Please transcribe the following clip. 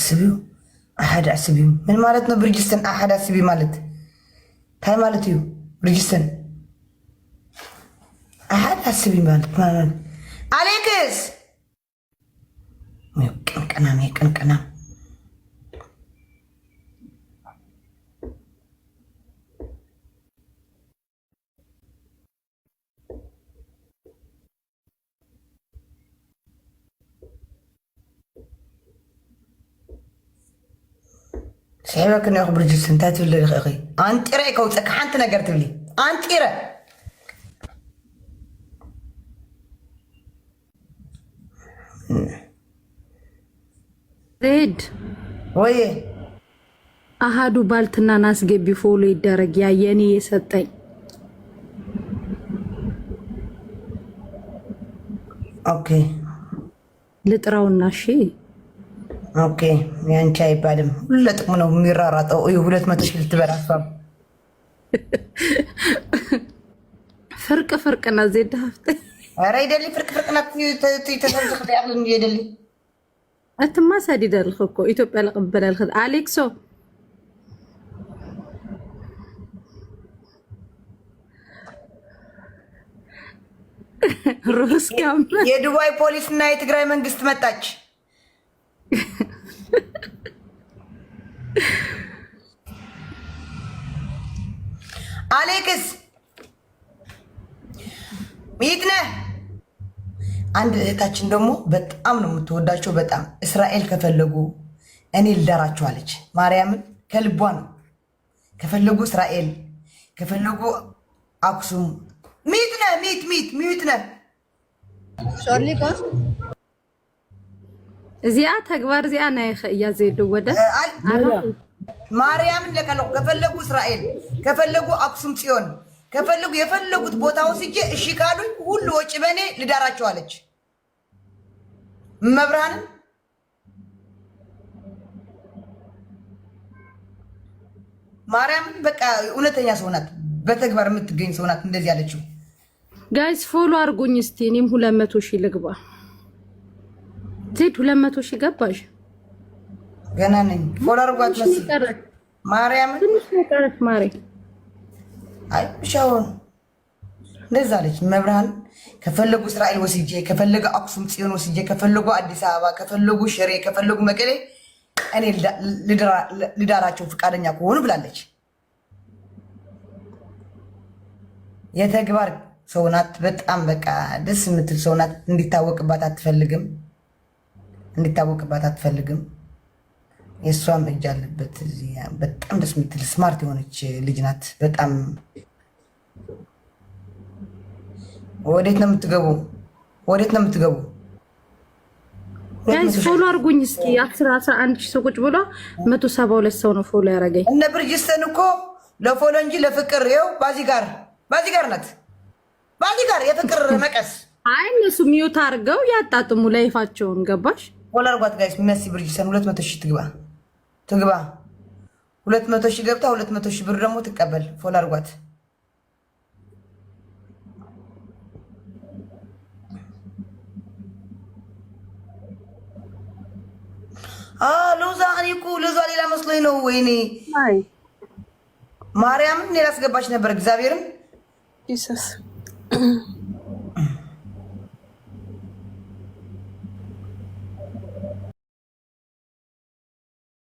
አስቢው አሓድ አስቢው ምን ማለት ነው? ብርጅስተን አሓድ አስቢ ማለት ታይ ማለት እዩ ብርጅስተን አሓድ አስቢ ማለት አሌክስ ቅንቅናም ቅንቅናም ስሕበ ክነኹ ብርጅስ እንታይ ትብል ንኽእኺ ኣንጢረ የ ከውፀካ ሓንቲ ነገር ትብሊ ኣንጢረ ሬድ ወየ ኣሃዱ ባልትና ናስገቢ ፎሎ ይደረግ ያ የኒ የሰጠኝ ኦኬ ልጥራውና እሺ ኦኬ ያንቺ አይባልም። ለጥቅም ነው የሚራራጠው። እዩ ሁለት መቶ ሺህ ፍርቅ ፍርቅ ና ዜድ ፍርቅ ፍርቅ ና እትማሳድ ይደልክ እኮ ኢትዮጵያ አሌክሶ ሩስ የዱባይ ፖሊስ እና የትግራይ መንግስት መጣች። አሌክስ ሚት ነህ። አንድ እህታችን ደግሞ በጣም ነው የምትወዳቸው። በጣም እስራኤል ከፈለጉ እኔ ልዳራችኋለች። ማርያምን ከልቧ ነው። ከፈለጉ እስራኤል ከፈለጉ አክሱም። ሚት ነህ ሚት ሚት ሚት ነህ እዚኣ ተግባር እዚኣ ናይ ኸእያ ወደ ማርያምን ለቀለቁ ከፈለጉ እስራኤል ከፈለጉ አክሱም ጽዮን ከፈለጉ የፈለጉት ቦታ ወስጄ እሺ ካሉኝ ሁሉ ወጪ በእኔ ልዳራቸው አለች። መብራን ማርያም በቃ እውነተኛ ሰው ናት፣ በተግባር የምትገኝ ሰው ናት። እንደዚህ አለችው። ጋይስ ፎሎ አድርጎኝ እስቲ እኔም ሁለት መቶ ሺህ ልግባ። ዜድ ሁለት መቶ ሺህ ገባሽ? ገና ነኝ። ፎሎ አርጓት መሰለኝ ማርያምን አይ ብቻውን እንደዛ አለች። መብርሃን ከፈለጉ እስራኤል ወስጄ ከፈለጉ አክሱም ጽዮን ወስጄ ከፈለጉ አዲስ አበባ ከፈለጉ ሽሬ ከፈለጉ መቀሌ እኔ ልዳራቸው ፈቃደኛ ከሆኑ ብላለች። የተግባር ሰው ናት። በጣም በቃ ደስ የምትል ሰው ናት። እንዲታወቅባት አትፈልግም። እንዲታወቅባት አትፈልግም። የእሷም እጅ አለበት። በጣም ደስ የምትል ስማርት የሆነች ልጅ ናት። በጣም ወዴት ነው የምትገቡ? ወዴት ነው የምትገቡ? ፎሎ አርጉኝ እስኪ አስራ አንድ ሺህ ሰው ቁጭ ብሎ መቶ ሰባ ሁለት ሰው ነው ፎሎ ያደረገኝ። እነ ብርጅስተን እኮ ለፎሎ እንጂ ለፍቅር ው ባዚ ጋር ባዚ ጋር ናት። ባዚ ጋር የፍቅር መቀስ። አይ እነሱ ሚዩት አርገው ያጣጥሙ ላይፋቸውን ገባሽ? ፎሎ አርጓት ጋይስ። መሲ ብርጅስተን ሁለት መቶ ሺህ ትግባ። ትግባ። ሁለት መቶ ሺህ ገብታ ሁለት መቶ ሺህ ብር ደግሞ ትቀበል። ፎል አድርጓት። ሎዛ እኔ እኮ ሎዛ ሌላ መስሎኝ ነው። ወይኔ ማርያምን እኔ አስገባች ነበር እግዚአብሔርን